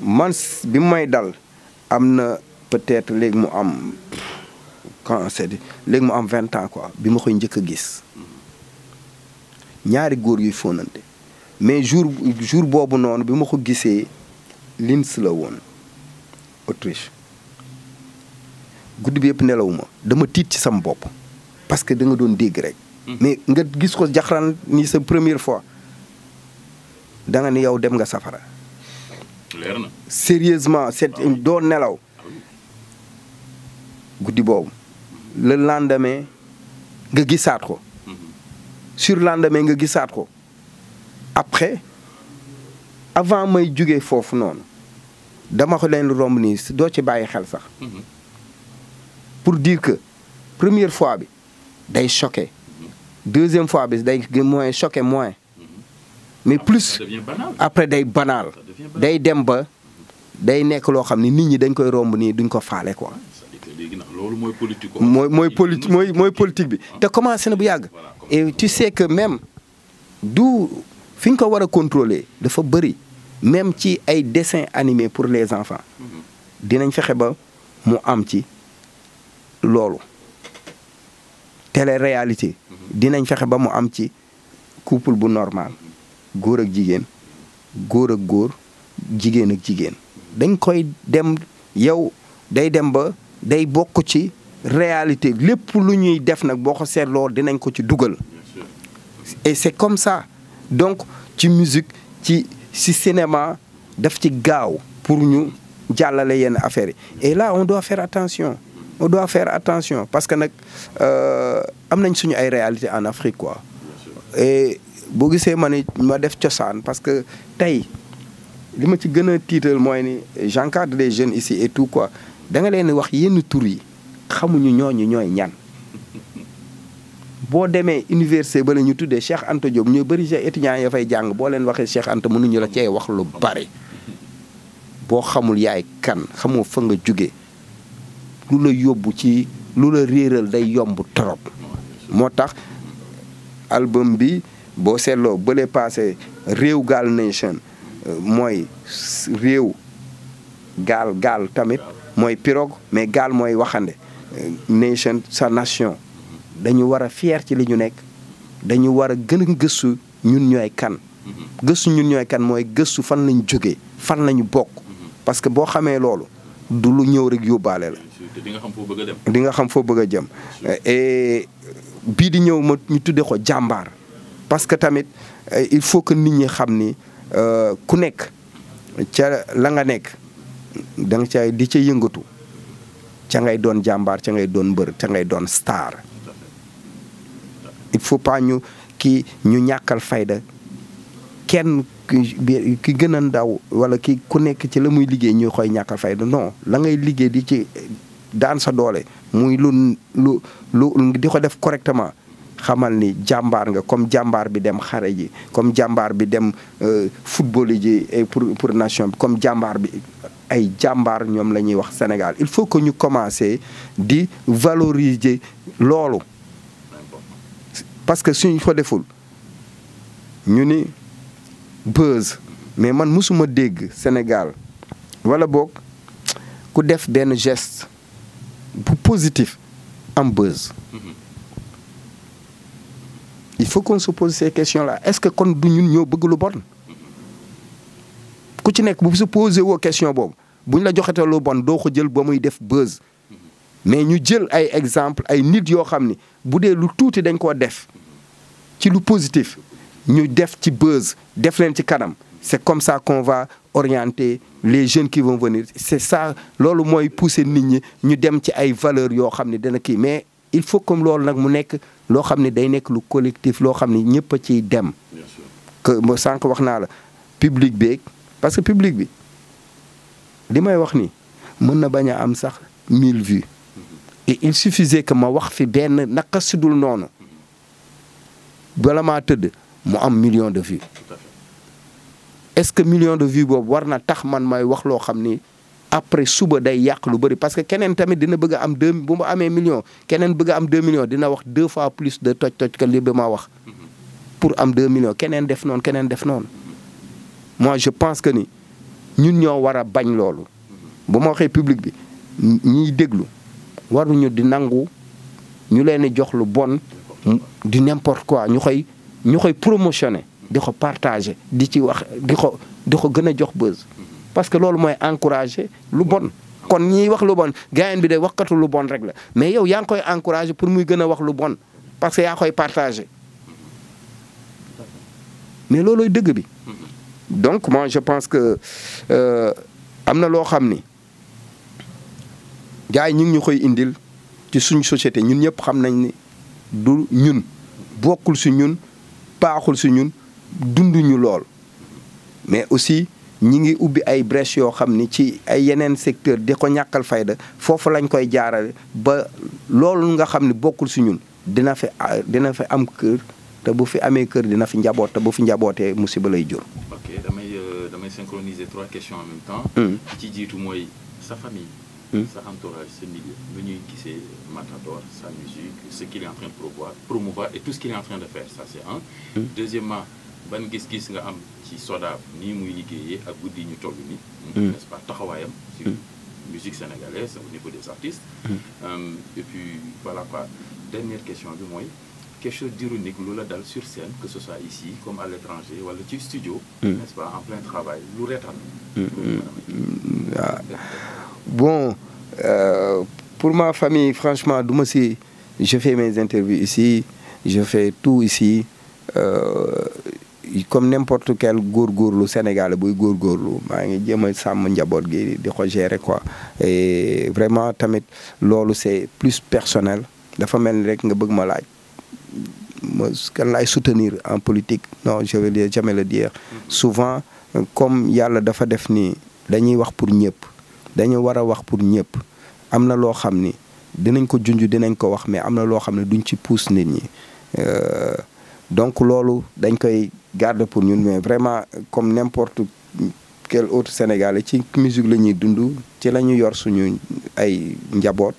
man bi may dal am na peut-être léegi mu am quand léegi mu am vingt ans quoi bi ma koy njëkk a gis ñaari góor yuy fóonante mais jour boobu noonu bi ma ko gisee Linz la woon Autriche guddi bi yëpp nelawuma dama tiit ci sama bopp parce que da nga doon dégg rek. Mm. mais nga gis ko jaxran ni sa première fois da nga ni yow dem nga safara. sérieusement c'est une donne. là le lendemain nga suis ko mhm. sur le lendemain je suis ko après avant may je foofu noonu dama ko leen romb Je suis ci bàyyi xel mhm. pour dire que première fois je suis choqué mhm. deuxième fois je suis moins choqué moins mais plus après suis banal day dem ba day nekk loo xam ne nit ñi dañ koy romb nii duñ ko faale quoi. loolu politique mooy mooy politique mooy mooy politique bi te commencé na bu yàgg. et tu sais que même du fi ñu ko war a contrôler dafa bëri même ci ay dessins animés pour les enfants dinañ fexe ba mu am ci loolu télé-réalité dinañ fexe ba mu am ci couple bu normal góor ak jigéen góor ak góor. Jigen ak jigen dañ koy dem yow day dem ba day bokk ci réalité lepp luñuy def nak boko setlo dinañ ko ci et c'est comme ça donc ci musique ci ci cinéma daf ci gaaw pour ñu jàllale yenn affaires et là on doit faire attention on doit faire attention parce que nak euh une suñu ay réalité en Afrique quoi et bo gisee ma ma def ciosan parce que tay li ma ci gën a tiital mooy ni j'encadre des jeunes ici et tout quoi danga nga leen wax yenn tur yi xamuñu ñooñu ñooy ñan boo demee université ba lañu ñu tuddee Cheikh Anta Diop ñooy bëri je étudiants ya fay jàng boo leen waxee Cheikh Anta mënuñu la cee wax lu bari boo xamul yaay kan xamoo fa nga jóge lu la yóbbu ci lu la réeral day yomb trop moo tax album bi boo seetloo bële passé réew gaal nation mooy réew gaal gaal tamit mooy pirogue mais gaal mooy waxande nation sa nation dañu war a fier ci li ñu nekk dañu war a gën a gëstu ñun ñooy kan gëstu ñun ñooy kan mooy gëstu fan lañ jóge fan lañu bokk parce que boo xamee loolu du lu ñëw rek yóbbaale la di nga xam foo bëgg nga xam foo bëgg a jëm et bii di ñëw ma ñu tuddee ko jàmbaar parce que tamit il faut que nit ñi xam ni Euh, ku nekk ca la nga nekk danga ca di ca yëngatu ca ngay doon jàmbaar ca ngay doon mbër ca ngay doon star il faut pas ñu ki ñu ñàkkal fayda kenn ki gën a ndaw wala ki ku nekk ci la muy liggéey ñu koy ñàkkal fayda non la ngay liggéey di ci daan sa doole muy lu lu lu di ko def correctement xamal ni jambar nga comme jambar bi dem xare ji comme jambar bi dem euh, football ji pour pour nation comme jambar bi ay jambar ñom lañuy wax Sénégal il faut que ñu commencer di valoriser lolu parce que suñ ko deful ñu ni buzz mais man musuma dégg Sénégal wala bok ku def ben geste positif am buzz. Mm-hmm il faut qu'on se pose ces questions-là est-ce que quand nous ñun ñoo bëgg bon ku ci vous bu se questions bon. question boobu bu la joxete lu bon Donc, ko jël ba muy def buzz mais ñu jël ay exemple ay nit yoo xam ni bu le lu tuuti dañ koo def ci lu positif ñu def ci buzz def leen ci kanam c'est comme ça qu'on va orienter les jeunes qui vont venir c'est ça loolu mooy pousser nit ñi ñu dem ci ay valeurs yoo xam ne dana kii mais il faut comme loolu nag mu lo xam day nek lu collectif lo xam ñepp ci dem bien sûr que mo sank wax naa la public bi parce que public bi li may wax ni mën na baña am sax 1000 vues. Mm-hmm. et il suffisait que ma wax fi benn naka nonu noonu bala maa tëdd mu am million de vues. est-ce que million de vues bob war na tax man may wax lo xam après suba day yàq lu bëri parce que keneen tamit dina bëgg am deux bu mu amee million keneen bëgg a am deux millions dina wax deux fois plus de toj toj que li bi ma wax pour am deux millions keneen def noonu keneen def noonu moi je pense que ni ñun ñoo war a bañ loolu bu ma waxee public bi ñiy déglu waruñu di nangu ñu leen di jox lu bon di n'importe quoi ñu koy ñu koy promotionné di ko partagé di ci wax di ko di ko gën a jox buzz parce que loolu mooy encourager lu bon. kon ñiy wax lu bon gaayen bi day waxkatu lu bon rek la mais yow yang koy encourager pour muy gëna wax lu bon parce que ya koy partager mais loolooy deug bi. donc moi je pense que euh amna lo xamni gaay gars yi ñu koy indil ci suñ société ñun ñëpp xam nañ ni du ñun bokul si ñun paaxul si ñun dunduñu lool mais aussi ñi ngi ubbi ay brèche yo xamni ci ay yenen secteur di ko ñakal fayda fofu lañ koy jaarale ba loolu nga xamni bokul ci ñun dina fi dina fi am cœur te bu fi amé cœur dina fi njaboot te bu fi njaboté musiba lay jur. ok damay euh, damay synchroniser trois questions en même temps. ci hmm. jiitu moy sa famille. Hmm. sa entourage sa milieu nu ñuy gisee Matador sa musique ce qu'il est en train de promouvoir promouvoir et tout ce qu'il est en train de faire ça c'est un. Hmm. deuxièmement ban gis-gis nga am ci soda ni muy liggéeyee ak guddi ñu toll nii. Mm. n'est-ce pas taxawaayam. Mm. musique sénégalaise au niveau des artistes. Mm. Euh, et puis voilà quoi dernière question bi mooy quelque chose d'ironique lu la dal sur scène que ce soit ici comme à l'étranger wala ci studio. n'est-ce pas en plein travail lu reetaan. Ah. bon euh, pour ma famille franchement du si je fais mes interviews ici je fais tout ici. Euh, comme n'importe quel góorgóorlu Sénégal buy góorgóorlu mais ngi jéem a sàmm njaboot gi di ko quoi et vraiment tamit lolu c'est plus personnel dafa melni rek nga bëgg ma laaj ma kan lay soutenir en politique non je vais jamais le dire souvent comme yalla dafa def ni dañuy wax pour ñëpp dañu wara wax pour ñëpp amna lo xamni xam dinañ ko junj dinañ ko wax mais amna lo xamni duñ ci pousse nit ñi euh, donc lolu dañ koy garde pour nous, mais vraiment comme n'importe quel autre Sénégalais ci musique la ñuy dund ci la ñu yor suñu ay njaboot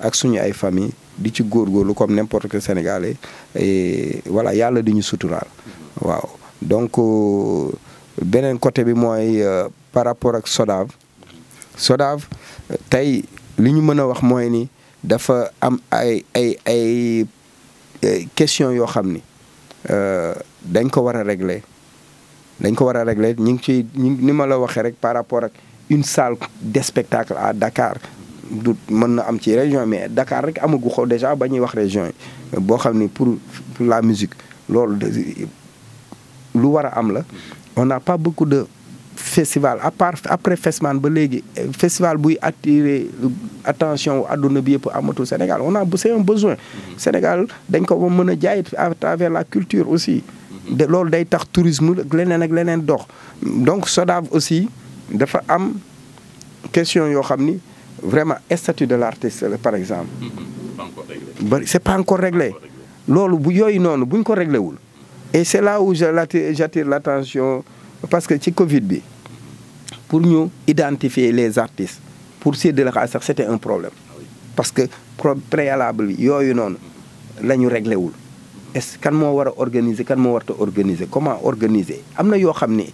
ak suñu ay famille di ci góorgóorlu comme n'importe quel Sénégalais et voilà yalla di ñu suturaal waaw donc euh, benen côté bi moy euh, par rapport ak SODAV SODAV tay li ñu mën wax moy ni dafa am ay ay ay question yo xamni euh dañ ko war régler dañ ko war régler ñu ngi ciy ni ma la rek par rapport ak une salle de spectacle à Dakar du mën na am ci région mais Dakar rek amagu déjà ba ñuy wax région pour la musique loolu lu war a am la on n'a pas beaucoup de festival à part après Fesman ba léegi festival buy attiré attention àdduna bi yëpp Sénégal on a c'est un besoin Sénégal dañ ko à travers la culture aussi loolu day tax tourisme lenen ak lenen dox donc SODAV aussi dafa am question yo xamni vraiment statut de l'artiste par exemple mhm. ce c'est pas encore réglé Ce bu yoy encore buñ ko réglé wul et c'est là où j'attire l'attention parce que ci Covid bi pour ñu identifier les artistes pour séddale xaalis c'était un problème ah parce que préalable yoy non lañu réglé wul est kan moo war organiser kan moo warta organiser comment organiser amna yo yoo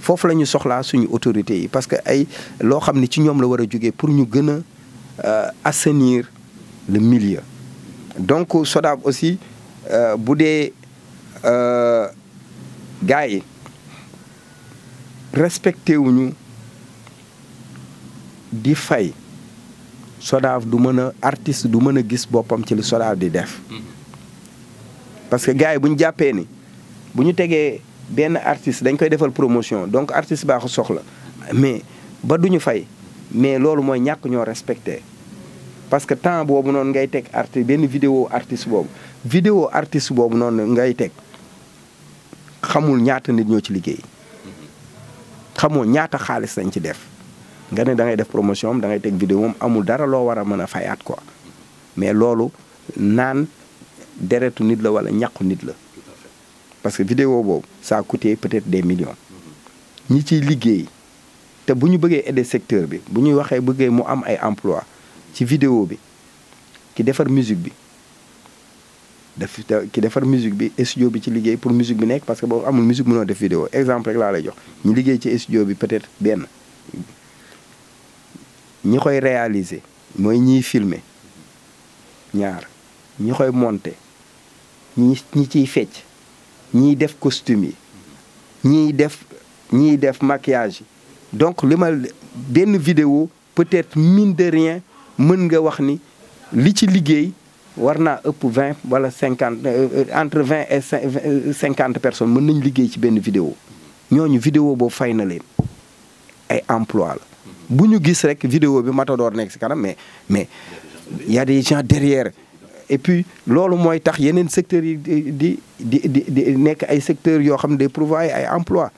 fofu lañu soxla suñu autorité yi parce que ay lo xam ci ñom la wara a pour ñu gëna euh, assainir le milieu donc SODAV aussi euh, boudé euh yi respecté wuñu di fay SODAV du mën artiste du mën gis bopam ci li SODAV di def mm-hmm parce que gars yi ni artiste dañ koy promotion donc artiste soxla mais ba duñu fay mais ñoo respecté parce que temps boobu ngay artiste vidéo artiste vidéo artiste ngay xamul ñaata nit ñoo ci xamoo ñaata ci def promotion da vidéo moom amul dara quoi mais naan deretu nit la wala ñàqu nit la parce que vidéo ça a coûté peut-être des millions ñi ci liggéey te bu ñu bëggee aider secteur bi bu ñuy waxee bëggee mu am ay emploi ci vidéo bi ki defar musique bi daf ki defar musique bi studio bi ci liggéey pour musique bi nekk parce que bon amul musique mënoo def vidéo exemple rek laa lay jox ñu liggéey ci studio bi peut-être benn ñi koy réaliser mooy ñiy filmer ñaar ñi koy monter ñi ni ciy fecc ñiy def costume yi ñiy def ñiy def maquillage donc li ma benn vidéo peut-être mine de rien mën nga wax ni li ci liggéey war naa ëpp wala 50 euh, euh, entre 20 et 50 euh, personnes mën nañ liggéey ci benn vidéo ñooñu vidéo boobu fay na leen ay emploi la mm-hmm. bu ñu gis rek vidéo bi Matador nekk si kanam mais mais y a des gens derrière et puis il y tax yenen secteurs yi di di di ay secteur yo xam ay emploi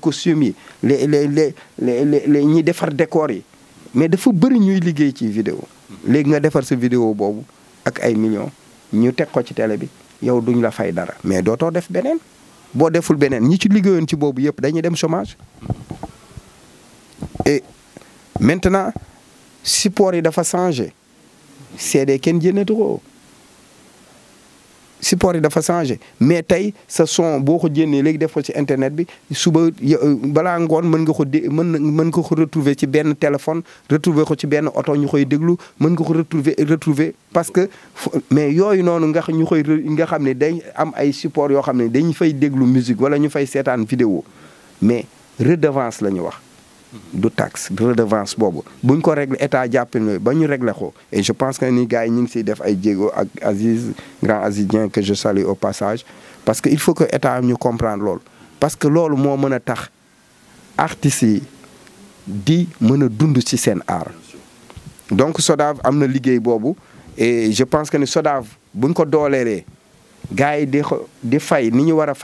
costume yi les les les les décor yi mais dafa bëri ñuy liggéey ci vidéo légui nga défar sa vidéo bobu ak ay millions ñu ko ci télé bi yow duñ la fay dara mais doto def faire bo deful des ñi ci liggéeyon ci bobu yépp dem chômage et maintenant support yi dafa changer c'est ko support yi dafa changé mais tay sa son boko gens internet bi suba euh, bala nga ko ko retrouver ci téléphone retrouver ko ci nga ko retrouver parce que mais nonu nga ñukoy nga xamné am ay support yo xamné dañ fay déglu musique wala ñu vidéo mais redevance du taxe redevance redevances. Si on règle l'État, état on ba ñu et je pense que les gars yi ñu ngi siy def ay jéego ak Aziz grand Azizien que je salue au passage parce qu'il faut que l'état ñu comprendre parce que c'est ce mën a tax artiste, yi di mën dund ci art donc SODAV a na liggéey et je pense que ni si on ñu ko dooleelee gars yi di di fay ni ñu war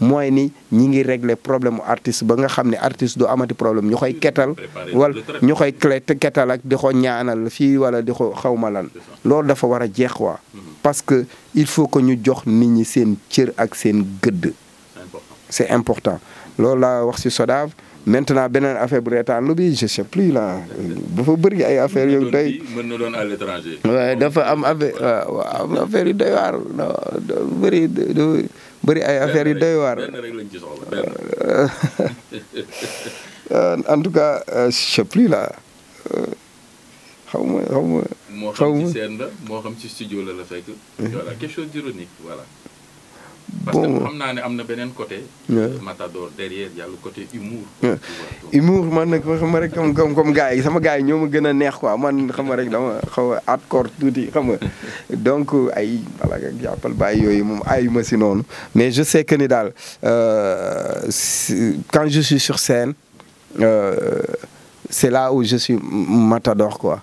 moy ni ñi ngi régler problème artiste ba nga xamné artiste du amati problème ñu kétal ketal wala ñu koy kétal ak diko ñaanal fi wala diko xawma lan lool dafa wara jéx wa parce que il faut que ñu jox nit ñi seen cieur ak seen gëdd c'est important lool la wax ci SODAV maintenant benen affaire bu rétan lu bi je sais plus là fa bëri ay affaire yu doy mën na doon à l'étranger ouais dafa am affaire waaw affaire yu doy war bëri bëri ay affaires yu doy waar en tout cas je euh, plus là euh, xaw ma moo xam ci scène ci studio la la mhm. voilà. bon. que xam naa ne am côté. Matador derrière yàlla côté humour. humour man nag xam rek comme comme comme gars sama gars yi ñoo ma gën neex quoi man xam rek dama xaw hardcore tuuti xam nga donc ay bala nga jàppal bàyyi yooyu moom ayu ma si non mais je sais que ni daal euh, quand je suis sur scène euh, c'est là où je suis Matador quoi.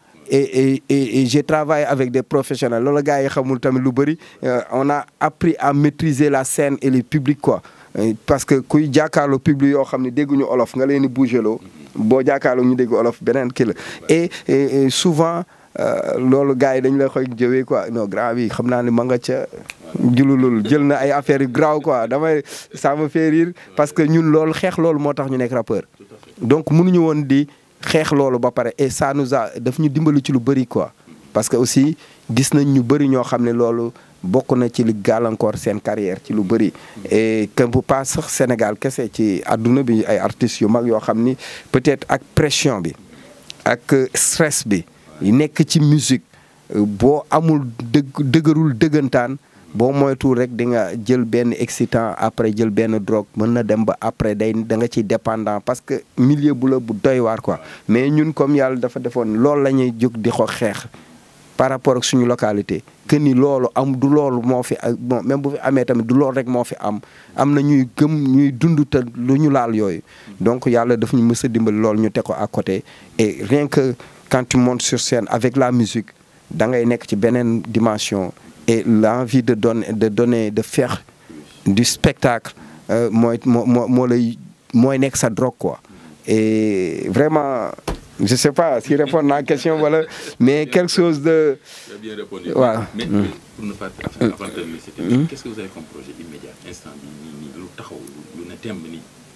et, et, et j'ai travaillé avec des professionnels. Lola gars, euh, on a appris à maîtriser la scène et le public quoi. Euh, parce que quand il y a le public, on olof, on les ont là. Bon, il olof, benen kill. Et, et souvent euh, loolu gars yi dañ la koy jëwee quoi non grave, bi xam naa ne ma nga ca jululul jël na ay affaires graw quoi damay ça me fait rire parce que ñun loolu xeex loolu moo tax ñu nekk rappeur donc mënuñu woon di xex lolu ba paré et ça nous a daf ñu dimbali ci lu bëri quoi parce que aussi gis nañ ñu bëri ño xamné lolu loolu bokk na ci li encore sen carrière ci lu bëri et que vous pas sax Sénégal kessé ci aduna bi ay artistes yu mag yo xam peut-être ak pression bi ak stress bi nekk ci musique bo amul deug dëgërul dëggantaan moy tout rek di nga jël excitant après jël ben drogue mën après dépendant parce que milieu bu la bu doy war quoi mais ñun comme yalla dafa defone lool lañuy juk di ko par rapport ak suñu localité que ni loolu am du loolu fi bon même bu fi amé tamit du lool rek am am ñuy gëm donc daf ñu ñu et rien que quand tu montes sur scène avec la musique da ngay nekk dimension et l'envie de donner de donner de faire du spectacle moi, moi, moi, sa drogue quoi et vraiment je ne sais pas si répondre à la question voilà mais quelque chose de. J'ai bien répondu. mais mm. pour ne pas mm. avant de terminer, mm. qu'est-ce que vous avez comme projet immédiat instant ni, ni, lu taxaw lu ne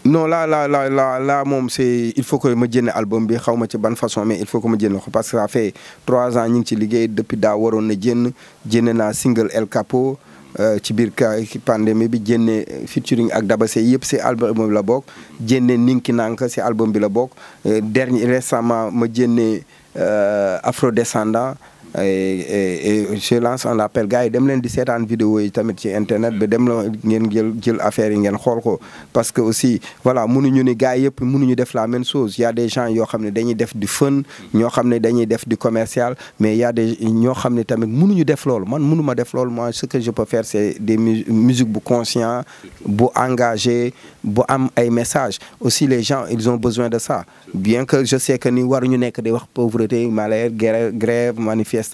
non là là là là là mom, c'est il faut que ma jënd album bi xaw ma ci ban façon mais il faut que me dise ko parce que ça fait trois ans ñu ngi ci liggéey depuis daa waroon na jënd jënd naa single El Capo euh, ci biir ka pandémie bi jénne featuring ak Daba Sey c'est album bi la bokk jénne Ninki Nanka c'est album bi la bokk euh, dernier récemment ma jénne euh, afro descendant et je lance un appel gars yi dem leen di seetaan vidéo yi tamit ci internet be dem la ngeen jël jël affaire yi ngeen xol ko parce que aussi voilà mënuñu ni gars yëpp mënuñu def la même chose y a des gens yo xamné dañuy def du fun ño xamné dañuy def du commercial mais il y a des ño xamné ne tamit mënuñu def loolu man mënu def loolu moi ce que je peux faire c'est des musique bu conscient bu engagé bu am ay message aussi les gens ils ont besoin de ça bien que je sais que ni ñu nek di wax pauvreté malheur grève manifestation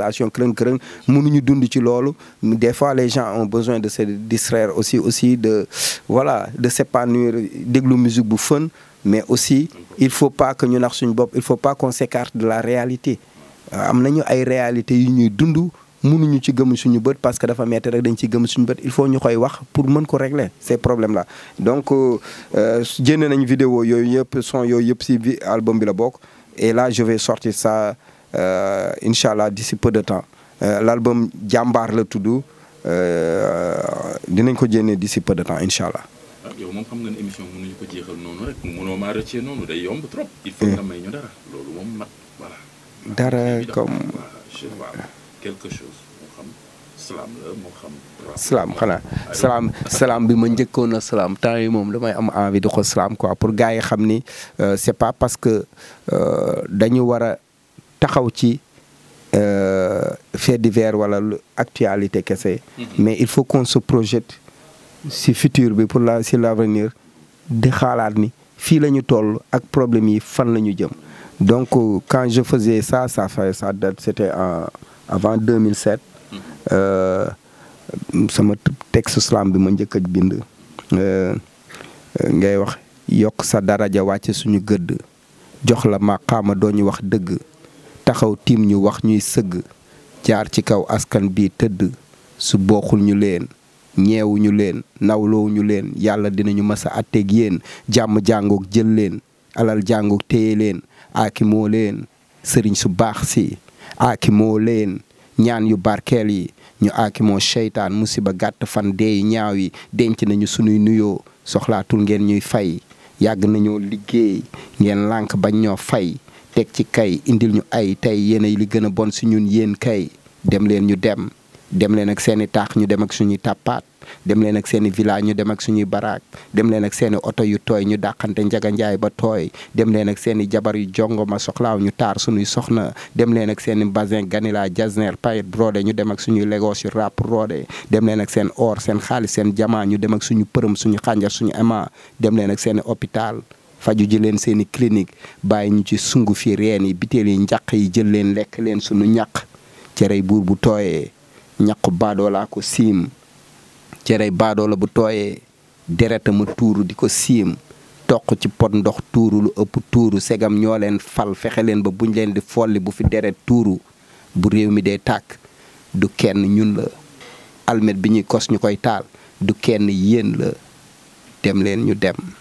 des fois les gens ont besoin de se distraire aussi aussi de voilà de s'épanouir déglu musique mais aussi il faut pas que ñu nax il faut pas qu'on s'écarte de la réalité ay réalité yu ñuy dund ci suñu parce que dafa metti rek dañ ci il faut ñu koy pour régler ces problèmes là donc euh, euh, vidéo album bi la bok et là je vais sortir ça euh, Inch'Allah d'ici peu de temps euh, l'album le le tudd euh, ko d'ici peu de temps incha Je ah, yow moom xam nga ne émission mënuñu ko jeexal pas rek mënoo maa rëccee trop. il faut nga may ñu dara Slam, Slam, Slam, voilà. dara comme quelque chose Slam, xam salaam Slam, xam. salaam Slam, salaam salaam bi ma Slam, a salaam slam Slam, Slam, Slam, am salaam pour gars yi c'est pas parce que taxaw ci euh, fait divers mhm. mais il faut qu'on se projette le futur pour la l'avenir di xalaat ni fi lañu problème yi donc euh, quand je faisais ça ça fait ça c'était avant 2007. me mhm. euh, texte slam bi ngay wax sa suñu jox la wax taxaw tiim ñu wax ñuy sëgg jaar ci kaw askan bi tëdd su bokkul ñu leen ñeewu ñu leen nawloowu ñu leen yàlla dinañu mës a àtteeg yéen jàmm jàngook jël leen alal jàngoog téye leen aaki leen sëriñ su baax si aaki leen ñaan yu barkeel yi ñu aaki moo seytaan musiba gàtt fan deeyu ñaaw yi denc nañu sunuy nuyoo soxlaatul ngeen ñuy fay yàgg nañu liggéey ngeen lànk bañ ñoo fay teg ci kay indil ñu ay tey yéen li gën a bon su ñun yéen kay dem leen ñu dem dem leen ak seen i taax ñu dem ak suñuy tàppaat dem leen ak seen i village ñu dem ak suñuy baraak dem leen ak seeni oto yu tooy ñu dàqante njaganjaay ba tooy dem leen ak seen i jabar yu jongo ma soxlaaw ñu taar suñuy soxna dem leen ak seen i basin ganila jasner payet brode ñu dem ak suñuy légoos yu rap roode dem leen ak seen or seen xaalis seen jamaa ñu dem ak suñu përëm suñu xànjar suñu ama dem leen ak seen faju ji len seeni clinique bay ñu ci sungu fi reen yi biteel yi ñak yi jël lek len suñu ñak ci ray bur bu ko bu touru diko sim tok ci pot ndox touru lu ëpp touru segam ño len fal fexe len ba buñ len di folli bu fi deret touru bu réew mi dee tak du kenn ñun la almet bi kos ñukoy taal du kenn yeen la dem len ñu dem